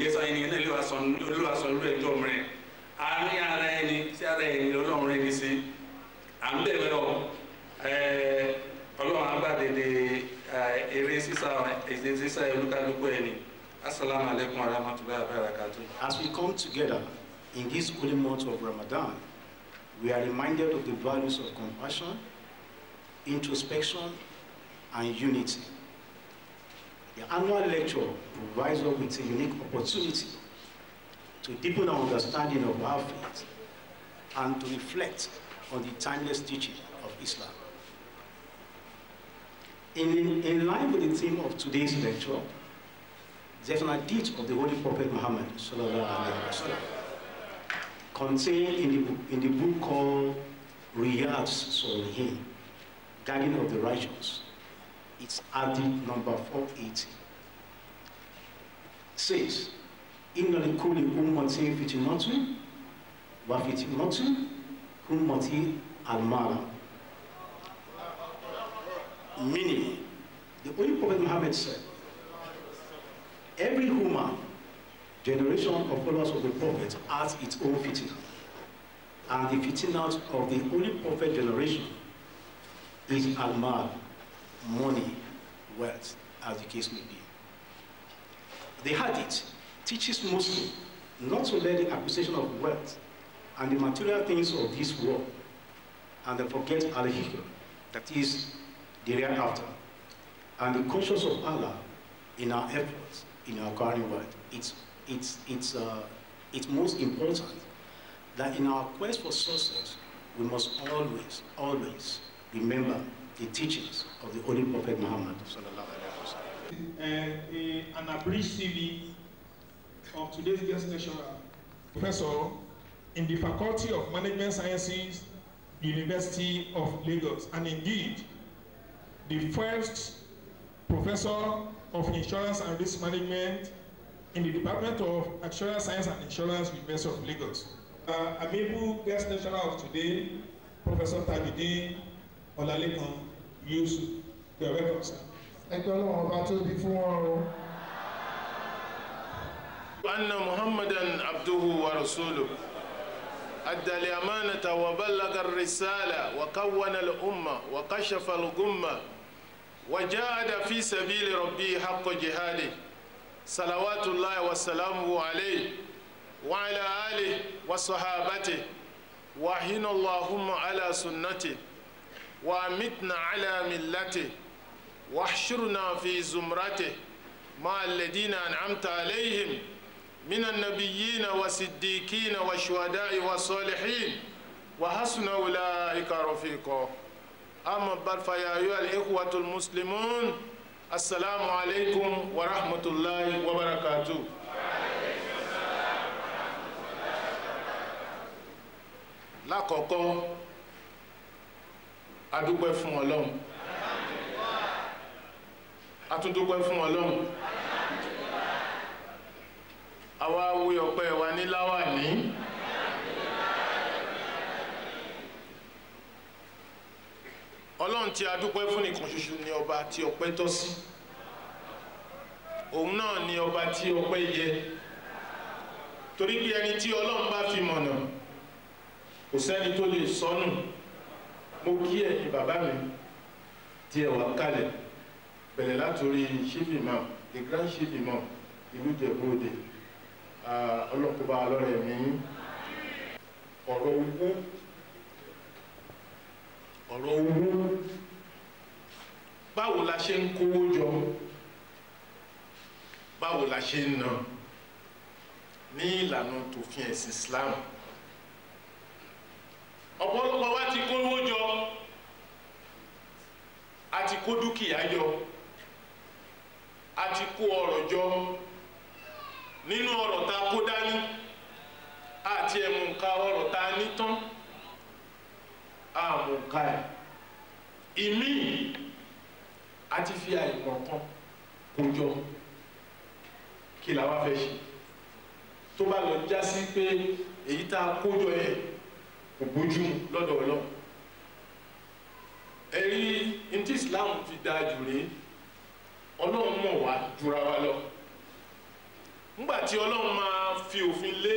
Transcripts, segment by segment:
ìjẹsà ẹni náà ló wà sọ ẹjọ́ mìíràn àárín ara ẹni sí ara ẹni ọlọ́run rẹ ní sí à ń bẹ̀rẹ̀ ọ ọlọ́run agbádẹ́dẹ́ eré sísá èdè sísá olúkálùkù ẹni asalaamu alaykum wa rahmatulahi wa barakatu. As we come together in this holy month of Ramadan, we are reminded of the values of compassion, introspection, and unity. The annual lecture provides us with a unique opportunity to deepen our understanding of our faith and to reflect on the timeless teaching of Islam. In, in line with the theme of today's lecture, there's an of the Holy Prophet Muhammad contained in the, book, in the book called Riyad's Solihin, Guardian of the Righteous, it's added number 480. Says, إن لكل أمة فتنة وفتنة أمتي المال. Meaning, the only Prophet Muhammad said, every human generation of followers of the Prophet has its own fitting. And the fitting out of the only Prophet generation is Al-Mal, money, wealth, as the case may be. The hadith teaches Muslims not to let the acquisition of wealth and the material things of this world and the forget al-hikr, is the hereafter, and the conscience of Allah in our efforts, in our current world, It's, it's, it's, uh, it's most important that in our quest for success, we must always, always remember the teachings of the Holy Prophet Muhammad. Uh, an abridged CV of today's guest lecturer, Professor in the Faculty of Management Sciences, University of Lagos, and indeed, the first Professor of Insurance and Risk Management in the Department of Actuarial Science and Insurance, University of Lagos. Uh, amiable guest lecturer of today, Professor Tabidin Olalekan Yusuf you are welcome sir. ẹgbẹ́ ọlọ́run ọba tóbi fún wọn o. anna muhammadan abduhu wa rasuluhu أدى الأمانة وبلغ الرسالة وكون الأمة وكشف الغمة وجاهد في سبيل ربه حق جهاده صلوات الله وسلامه عليه وعلى آله وصحابته وحين اللهم على سنته وأمتنا على ملته واحشرنا في زمرته مع الذين أنعمت عليهم من النبيين والصديقين والشهداء والصالحين وحسن أولئك رفيقا أما بعد فيا أيها الإخوة المسلمون السلام عليكم ورحمة الله وبركاته lákọ̀ọ́kọ́ adúpẹ́ fún ọlọ́run atúndúpẹ́ fún ọlọ́run àwa wí ọpẹ́ wa ní láwàní ọlọ́run tí adúpẹ́ fún nìkan ṣoṣo ni ọba tí ọpẹ́ tọ́ sí òun náà ni ọba tí ọpẹ́ yẹ torí bí ẹni tí ọlọ́run bá fi mọ̀nà kò sẹ́ni tó lè sọnù. So mo kí ẹ̀yin bàbá mi tí ẹ wà kalẹ̀ bẹ̀rẹ̀ látòrí chief the grand chief imam ìlú Ìjẹ̀bú-Òde ọlọ́kùnbá alọ́rẹ̀ mi ọ̀rọ̀ owó ọ̀rọ̀ owó báwo la ṣe ń kówó jọ báwo la ṣe ń ná ní ìlànà tòfin ẹ̀sìn Islam ọ̀pọ̀lọpọ̀ wa ti kówó jọ a ti kó dúkìá jọ a ti kó ọrọ̀ jọ nínú ọrọ̀ tá a kó dání àti ẹ̀mú nǹka ọrọ̀ tá a ẹ̀ ìmí a fi àìmọ̀ kan kó jọ kí la fẹ́ ṣe tó bá lọ já pé èyí tá a kó jọ yẹn kò bójú mu lọ́dọ̀ ọlọ́run ẹ̀rí ntí islam fi dáa jù rèé ọlọ́run mọ̀ wá jura wa lọ ńgbà tí ọlọ́run máa fi òfin lé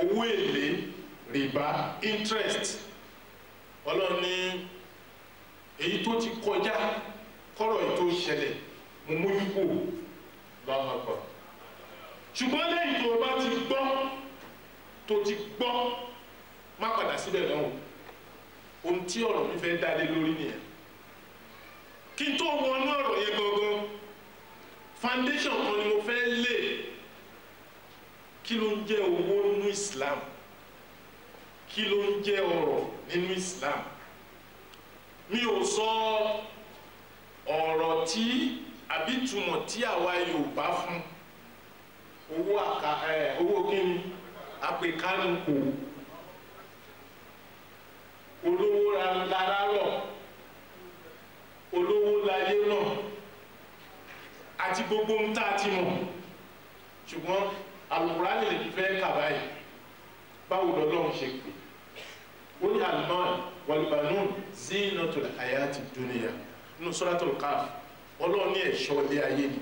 owó èlé rìbá interest ọlọ́run ní èyí tó ti kọjá kọ́rọ̀ èyí tó ṣẹlẹ̀ mo mójú kò lọ́wọ́ kan ṣùgbọ́n lẹ́yìn tó o bá ti gbọ́ tó ti gbọ́ má padà síbẹ̀ náà o ohun tí ọ̀rọ̀ mi fẹ́ dá lé lórí nìyẹn kí n tó wọnú ọ̀rọ̀ yẹn gangan foundation kan ni mo fẹ́ lè kí ló ń jẹ́ owó nínú Islam kí ló ń jẹ́ ọ̀rọ̀ nínú Islam mi ò sọ ọ̀rọ̀ tí àbí túmọ̀ tí àwa Yorùbá fún owó àka ẹ owó kíni àpèkánu kò olówó larárọ̀ olówó láyé náà àti gbogbo ń tá a ti mọ̀ ṣùgbọ́n Al-Qur'an lè fẹ́ kàbá yìí báwo lọ́lọ́run ṣe pè ó ní al-mal wal-banun zinatul hayati dunya nínú Suratul Kahf ọlọ́run ní ẹ̀ṣọ́ ilé ayé ni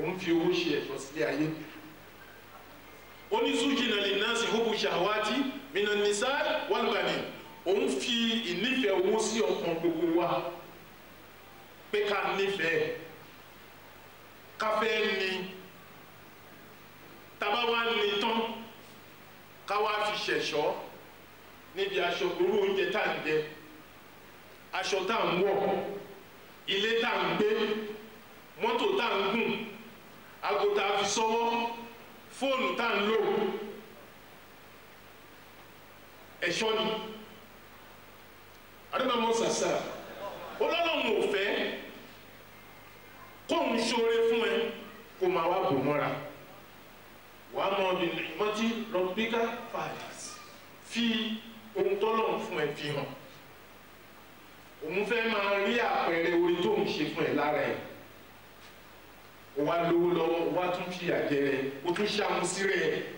òun fi owó ṣe ẹ̀ṣọ́ sílé ayé ó ní zujina linnasi hubu shahawati minna nisa walibani òun fi ìnífẹ̀ẹ́ owó sí ọkàn gbogbo wa pé ká nífẹ̀ẹ́ káfẹ́ ni taba wa ni tán ká wá fi ṣẹ̀ṣọ́ níbi aṣọ irú oúnjẹ tá à ń jẹ aṣọ tá à ń wọ̀ ilé tá à ń gbé mọ́tò tá à ń gùn ago fi sọ́wọ́ fóònù tá à ń lò ẹ̀ṣọ́ ni adébámọ́ sàṣà ọlọ́run ò fẹ́ kóun ṣoore fún ẹ kó máa wá bò mọ́ra wà á mọ ìlú ìmọ̀tí rọ̀bíkà fàdís fi ohun tọ́lọ́run fún ẹ fi hàn òun fẹ́ máa rí àpẹẹrẹ orí tó ń ṣe fún ẹ lára ẹ wà lówó lọ́wọ́ wà tún fi àjẹrẹ o tún ṣàmùsí rẹ̀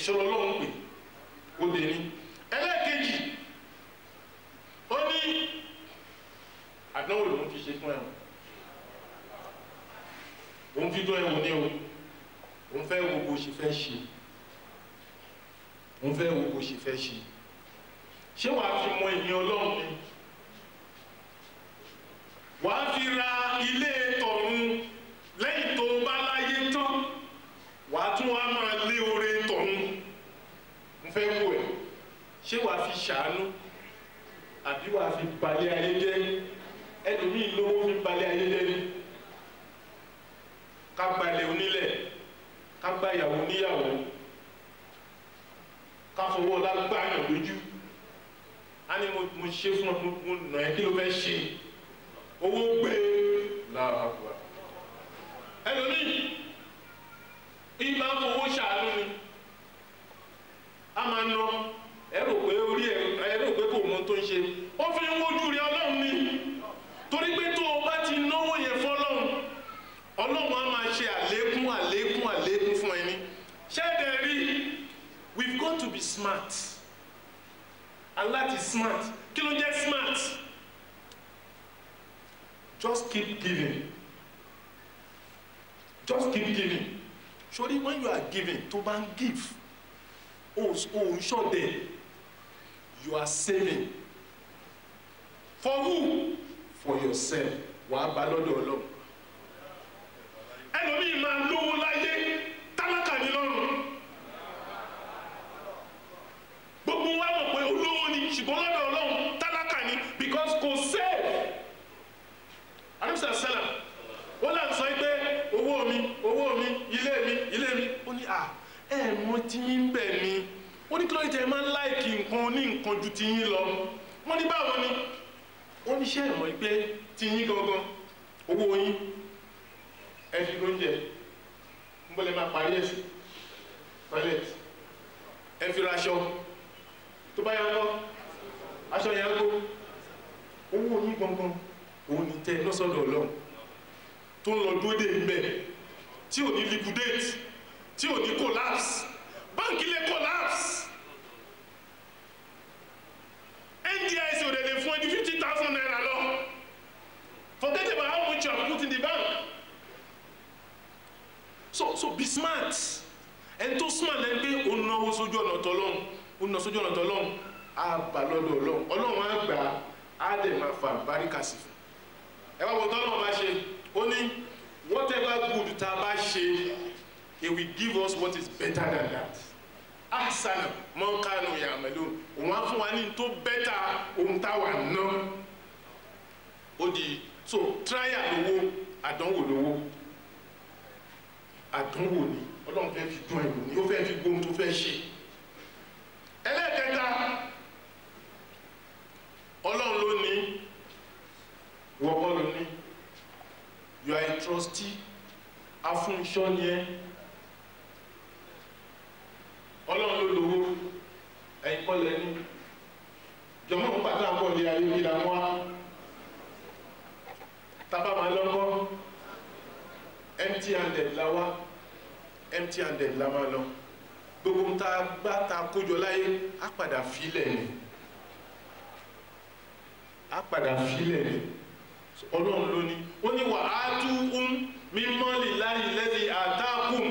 èso lọ́lọ́run pè obìnrin ẹlẹ́ẹ̀kejì ó ní àdánwò lòún fi ṣe fún ẹ̀wọ̀n òun fi dún ẹ̀wọ̀n ní o òun fẹ́ wo bó ṣe fẹ́ ṣe òun fẹ́ wo bó ṣe fẹ́ ṣe ṣé wàá fi mọ èmi ọlọ́run ni. tí wàá fi balẹ̀ ayé jẹ́ ẹlòmíì lówó fi balẹ̀ ayé jẹ́ ni ká gbalẹ̀ onílẹ̀ ká gbàyàwó níyàwó ká fọwọ́ ọlá gbàyàn lójú á ní mo ṣe fún ọ mo nà ẹ́ kí ló fẹ́ ṣe owó gbé lára wa ẹlòmíì ìgbà fowó ṣàánú ni a máa ń nọ ẹ rò pé orí ẹ̀ ohun tó ń ṣe ó fi ń wojú rí ọlọ́run ni torí pé tó o bá ti náwó yẹn fọlọ́run ọlọ́run á máa ṣe àlékún àlékún àlékún fún ẹni ṣẹ́ẹ̀dẹ̀ rí we've got to be smart aláti smart kí ló jẹ́ smart just keep giving just keep giving sori when you are giving to bá give o oh, ń ṣọ̀dẹ̀ you are saving for who for yourself wàá bá lọ́dọ̀ ọlọ́run ẹlòmíì máa lówó láyé tálákà ní lọ́rùn gbogbo wa mọ̀ pé olówó ni ṣùgbọ́n lọ́dọ̀ ọlọ́run tálákà ni because kò save anamisa sẹlẹ wọn là ń sọ pé owó mi owó mi ilé mi ilé mi ó ní à ẹ mọ tí ń bẹ̀ ni ó ní kí ló ń tẹ máa ń láìkì nǹkan ní nǹkan ju ti yín lọ wọ́n ní báwo ni ó ní iṣẹ́ ìmọ̀ pé ti yín gangan owó yín ẹ fi lóúnjẹ ń bọ́lẹ̀ máa parí ẹ̀ sí toilet ẹ fi ra aṣọ tó bá yẹ ọ́ aṣọ yẹn gbó owó yín gangan òun ní tẹ lọ́sọ̀dọ̀ ọlọ́run tó ń lọ dúró dé tí ò ní liquidate tí ò ní collapse báńkì lè collapse. ndic ò dẹ̀ lè fún ẹ fifty thousand naira lọ forget about how much you have put in the bank so so be smart ẹni tó smart lẹni pé ó náwó sójú ọ̀nà tọ́lọ́hún ó ná sójú ọ̀nà tọ́lọ́hún á gbà lọ́dọ̀ ọlọ́run ọlọ́run á gbà á dẹ̀ máa fa àbáríkà sí fún ẹ wá wo tọ́lọ́run bá ṣe ó ní whatever good tá a bá ṣe he will give us what is better than that ahsana mọ́kànù yàmẹ̀lú òun á fún wa ní tó bẹ́tà ohun táwa ná ó di so tíráyà lówó àdánwò lówó àdánwò ni ọlọ́run fẹ́ fi dún ẹ̀rù ni ó fẹ́ fi gbóhun tó fẹ́ ṣe ẹlẹ́ẹ̀kẹta ọlọ́run ló ní wọ́kọ́ ló ní you are a trustee afúnṣọ́ ni ẹ́ ọlọ́run ló lówó ẹ̀yin kọ́ lẹ́ni jọmọ́ ń pàtó àpọ̀ ní ayé ìlà mọ́ a tábà máa lọ́kọ́ empty handed la wá empty handed la máa lọ gbogbo ń ta gbá ta kójọ láyé á padà filẹ̀ ni á padà filẹ̀ ni ọlọ́run ló ní ó ní wàá tú um mímọ́lì láyé lẹ́yìn àtàkùn.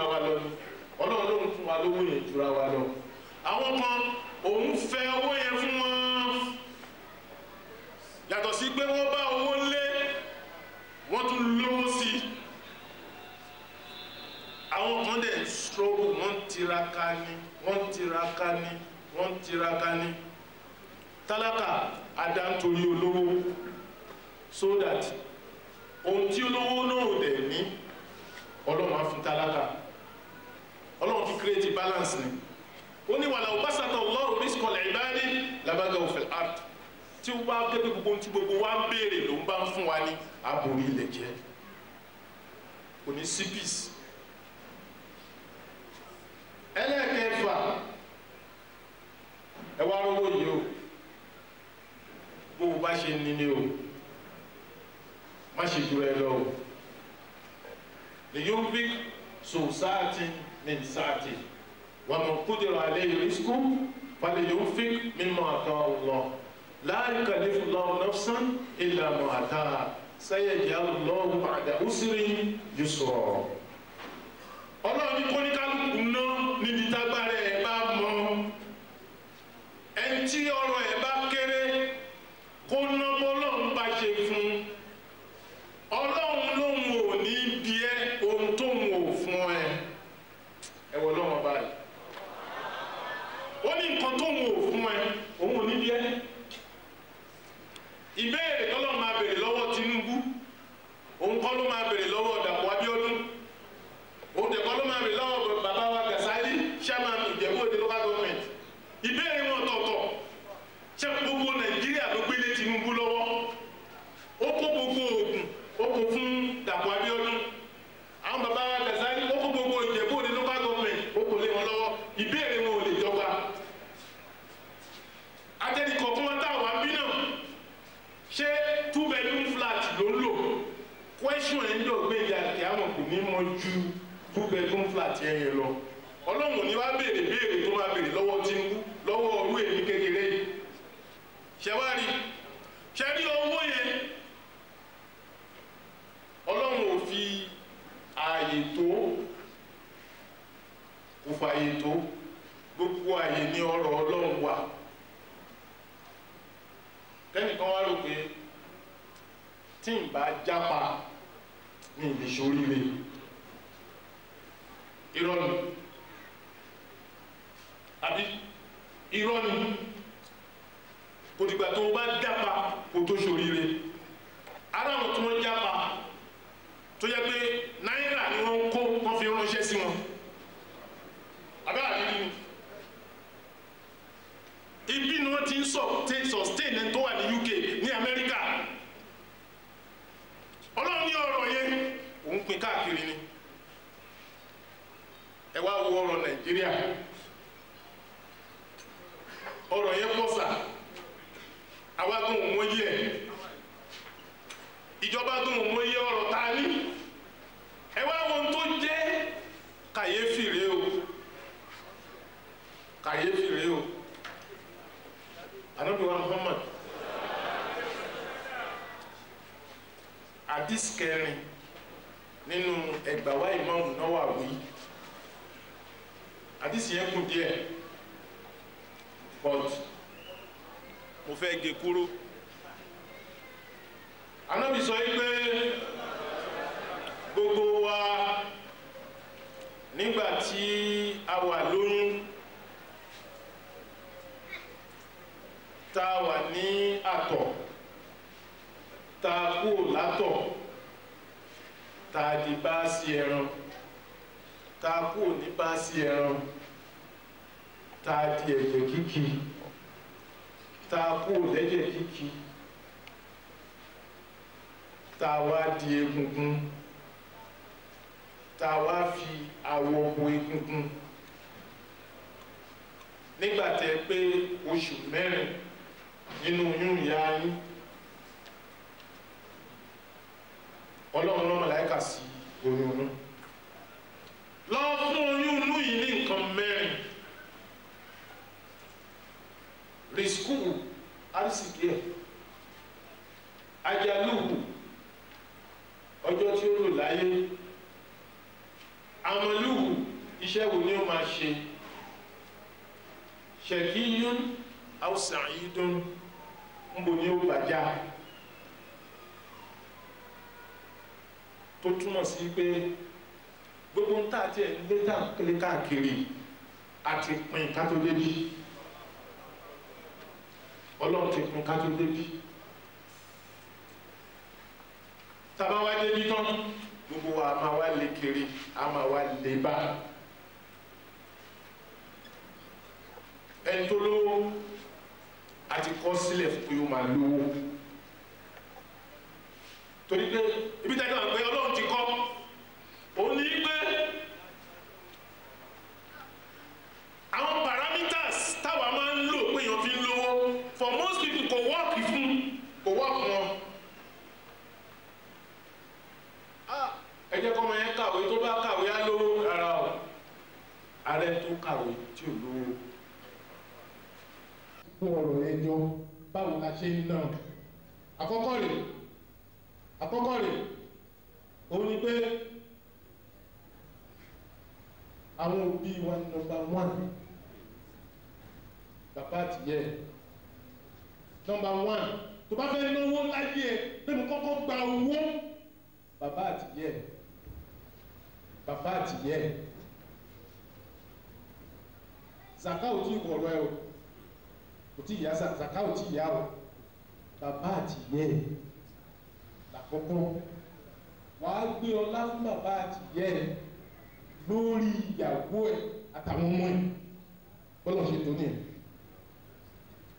jura wa lọ ni ọlọ́run ló ń fún wa lówó yẹn jura wa lọ àwọn kan òun fẹ́ owó yẹn fún wọn yàtọ̀ sí pé wọ́n bá owó lé wọ́n tún lówó sí i àwọn kan dẹ̀ ṣòro wọ́n tiraka ni wọ́n tiraka ni wọ́n tiraka ni tálákà adáńtorí olówó so that ohun tí olówó náà ò dẹ̀ ní ọlọ́run á fún tálákà ọlọ́run fi create balance ni ó ní wàlà òbásàtà ọlọ́run risk ọ̀lẹ̀ ìbáyé labaga òfin art tí wọ́n bá débi gbogbo tí gbogbo wa ń béèrè ló ń bá ń fún wa ní aborí ilẹ̀ jẹ́ kò ní sí peace ẹlẹ́ẹ̀kẹfà ẹ wá rówó yìí o bó o bá ṣe nílé o má ṣe dúró ẹ lọ o lè yóò society. من سعته ومن قدر عليه رزقه فلينفق مما آتاه الله لا يكلف الله نفسا إلا ما آتاها سيجعل الله بعد عسر يسرا. الله يقول Amen. людей. pín káàkiri ni ẹ wá wo ọ̀rọ̀ nàìjíríà ọ̀rọ̀ yẹn pọ̀ sà àwa gan ò mọ yẹ ìjọba gan ò mọ yẹ ọ̀rọ̀ tá a ẹ wá wo tó jẹ́ kàyéfì rèé o kàyéfì rèé o anabi Muhammad àdìsí kẹrin. nínú ẹgbàwá ìmáàmù Nawawi àdìsí yẹn kù díẹ̀ but mo fẹ́ gé kúrú anábì sọ pé gbogbo wa nígbà tí a wà lóyún tá a wà ní àtọ̀ tá a kú látọ̀. tá a di báàsì ẹran tá a kúrò ní báàsì ẹran tá a di ẹ̀jẹ̀ kíkì tá a kúrò lẹ́jẹ̀ kíkì tá a wá di egungun tá wá fi awọ bo egungun nígbà tẹ́ pé oṣù mẹ́rin nínú oyún ìyá yín. ọlọ́run rán màláìkà sí oyún inú lọ fún oyún inú yìí ní nǹkan mẹ́rin rìsíkúù arísìkí ẹ̀ ajalúhù ọjọ́ tí ó lò láyé amalúhù iṣẹ́ wo ni ó máa ṣe ṣèkíyún àwùsàn yìí dún ń ni ó bàjá. tó túmọ̀ sí pé gbogbo ń tà tiẹ̀ ń lé tà kílé káàkiri àti pin kátó débi ọlọ́run ti pin kátó débi tàbá wá débi tán gbogbo wa máa wá lé kiri a máa wá lé bá ẹni tó lówó àti kọ́ sílẹ̀ fún pé ó máa lówó torí pé ibi tẹ́lẹ̀ náà pé ọlọ́run ti kọ́ òun ní pé àwọn parameters táwa máa ń lò pé èèyàn fi ń lówó for most people kò wọ́ọ̀kì fún kò wọ́ọ̀kì wọn. Ah, ẹ jẹ́ kọ́mọ yẹn kàwé tó bá kàwé á lówó rárá o ààrẹ tó kàwé tí ò lówó. fún ọ̀rọ̀ ẹjọ́ báwo la ṣe ń ná àkọ́kọ́ rèé àkọ́kọ́ rẹ̀ òun ni pé àwọn òbí wa nọ́mbà one bàbá àtìyẹ nọ́mbà one tó bá fẹ́ náwó láyé ẹ pé mo kọ́kọ́ gba owó bàbá àtìyẹ bàbá àtìyẹ zaka ò tí ì wọ̀rọ̀ ẹ o kò tí ì yá zaka ò tí ì yá o bàbá àtìyẹ àkọ́kọ́ wàá gbé ọlá fún bàbá àti ìyá ẹ lórí ìyàwó ẹ àtàwọn ọmọ ẹ bọ́lá ṣe tó ní ẹ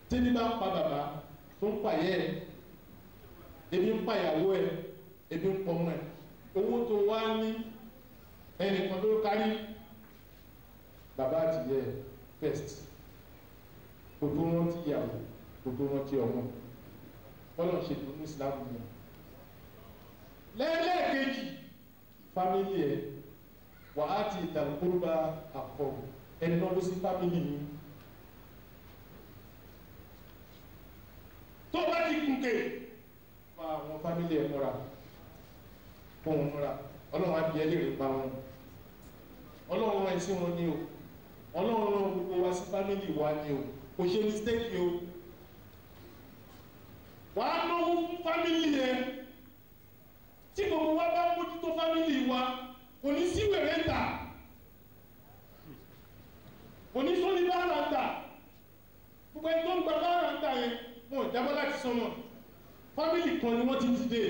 tẹ́bí bá ń pa bàbá tó ń pa ìyá ẹ ebi ń pa ìyàwó ẹ ebi ń pọ̀ ọmọ ẹ owó tó wá ní ẹnìkan ló kárí bàbá àti ìyá ẹ first kò tó rántí ìyàwó kò tó rántí ọmọ bọ́lá ṣe tó ní Islam yẹn. lẹ́ẹ̀lẹ́ẹ̀kejì fámílì ẹ̀ wà á ti ìtàkùnbà àpọ̀ ẹni náà sí fámílì mi tó bá ti gùnkè pa àwọn fámílì ẹ̀ múra fún wọn múra ọlọ́run á bí ẹ léèrè pa wọn ọlọ́run ni o ọlọ́run rán gbogbo wa sí fámílì wa ni o kò ṣe mistake o wàá náwó fámílì tí gbogbo wa bá ń mójútó fámìlì wa kò ní ń tà kò ní sóni bára ń tà gbogbo ẹni tó ń gba bára ń tà yẹn wọn ò jábọ́ láti sọnà fámìlì kan ni wọ́n ti ti dé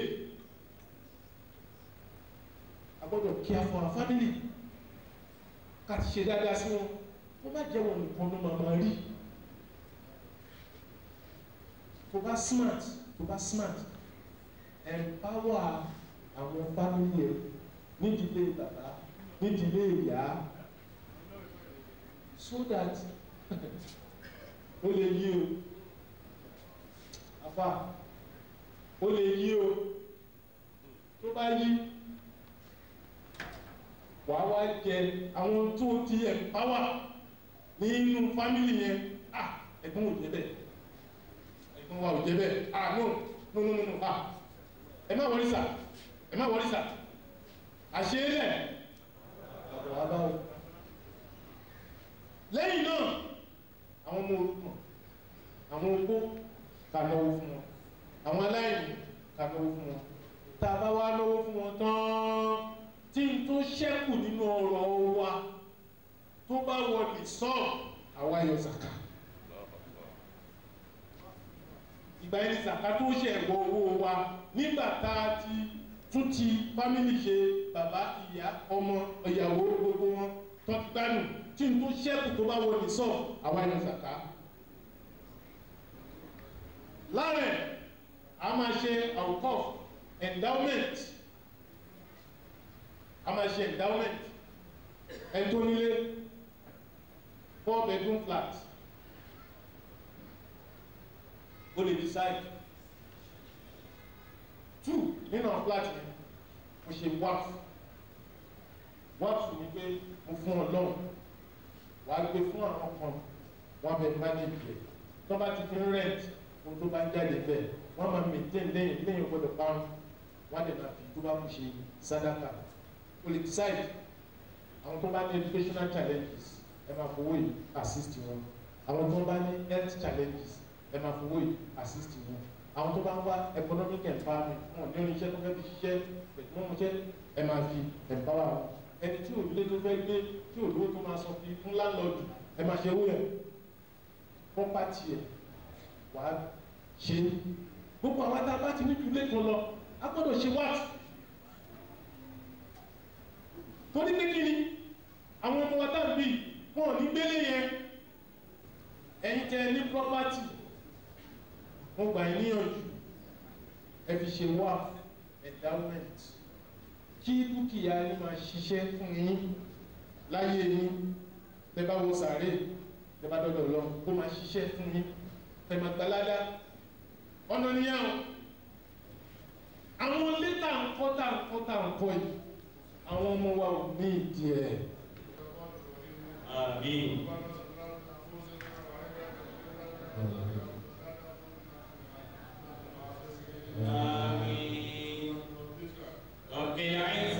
a kí a fọ́ra fámìlì ká ti ṣe dáadáa sí wọn kó má jẹ́ wọn nìkan ló máa máa rí kó bá smart kó bá smart empower àwọn fámìlì yẹn nídìílé bàbá nídìílé ìyá so that ó lè yí o àfà ó lè yí o tó bá yí wàá wá jẹ àwọn tó ti ẹ̀ pàwà nínú fámìlì yẹn à ah, ẹ̀gbọ́n ò jẹ́ bẹ́ẹ̀ ẹ̀gbọ́n wa ò jẹ́ bẹ́ẹ̀ à ah, no no no no no à ah. ẹ má wọlé sáà ẹ má wọlé sà àṣẹ lẹ̀ ọ̀dọ̀ wa báwo lẹ́yìn náà àwọn ọmọ orúkọ àwọn opó ká náwó fún wọn àwọn aláìní ká náwó fún wọn tá a bá wá náwó fún wọn tán tí n tó ṣẹ́kù nínú ọrọ̀ wa tó bá wọlé sàn àwa yọ zaka ìgbà yẹn ni zaka tó ṣe ẹ̀wọ̀ owó wa nígbà tá a ti tún ti fámìlì ṣe bàbá ìyá ọmọ ìyàwó gbogbo wọn tó ti gbádùn tí n tó ṣẹ́kù tó bá wọlé sọ àwa ẹ̀yàn zàká. lára a máa ṣe awqaf endowment a máa ṣe endowment ẹ̀ńtónílé four bedroom flat o lè decide nínú flat mi mo ṣe wat wat ni pé mo fún ọ lọ́wọ́ wà á gbé fún àwọn kan wọ́n bẹ manage rẹ̀ tó bá ti fi rent ohun tó bá ń jáde bẹ́ẹ̀ wọ́n máa maintain lẹ́yìn lẹ́yìn gbọ́dọ̀ pa wọ́n dẹ̀ máa fi tó bá mú ṣe sádàkà o lè decide àwọn tó bá ní educational challenges ẹ máa fowó yìí assist wọn àwọn tó bá ní health challenges ẹ máa fowó yìí assist wọn àwọn tó bá ń wá economic empowerment wọn ní oníṣẹ́ tó fẹ́ fi ṣiṣẹ́ pẹ̀lú mọ́ṣẹ́ ẹ máa fi empower wọn ẹni tí ò lé tó fẹ́ gbé tí ò lówó tó máa sọ fi fún láńlọ́ọ̀dù ẹ máa ṣe owó yẹn property ẹ̀ wàá ṣe é gbogbo àwọn tá a bá ti ní ju ilé kan lọ a gbọ́dọ̀ ṣe wá torí pé kí ni àwọn ọmọ wa tàbí wọn ò ní gbélé yẹn ẹ̀yin tẹ ní property mo gbà yín níyànjú ẹ fi ṣe waf endowment kí dúkìá yín máa ṣiṣẹ́ fún yín láyé yín tẹ́ bá wọ sàárè tẹ́ bá dọdọ lọ kó máa ṣiṣẹ́ fún yín tẹ́ máa gbalada ọ̀nà níyàwó àwọn létà ńkọ́ tà ńkọ́ tà ńkọ́ yìí àwọn ọmọ wa ò ní ìdí ẹ̀. àmín. Amin. Rabbil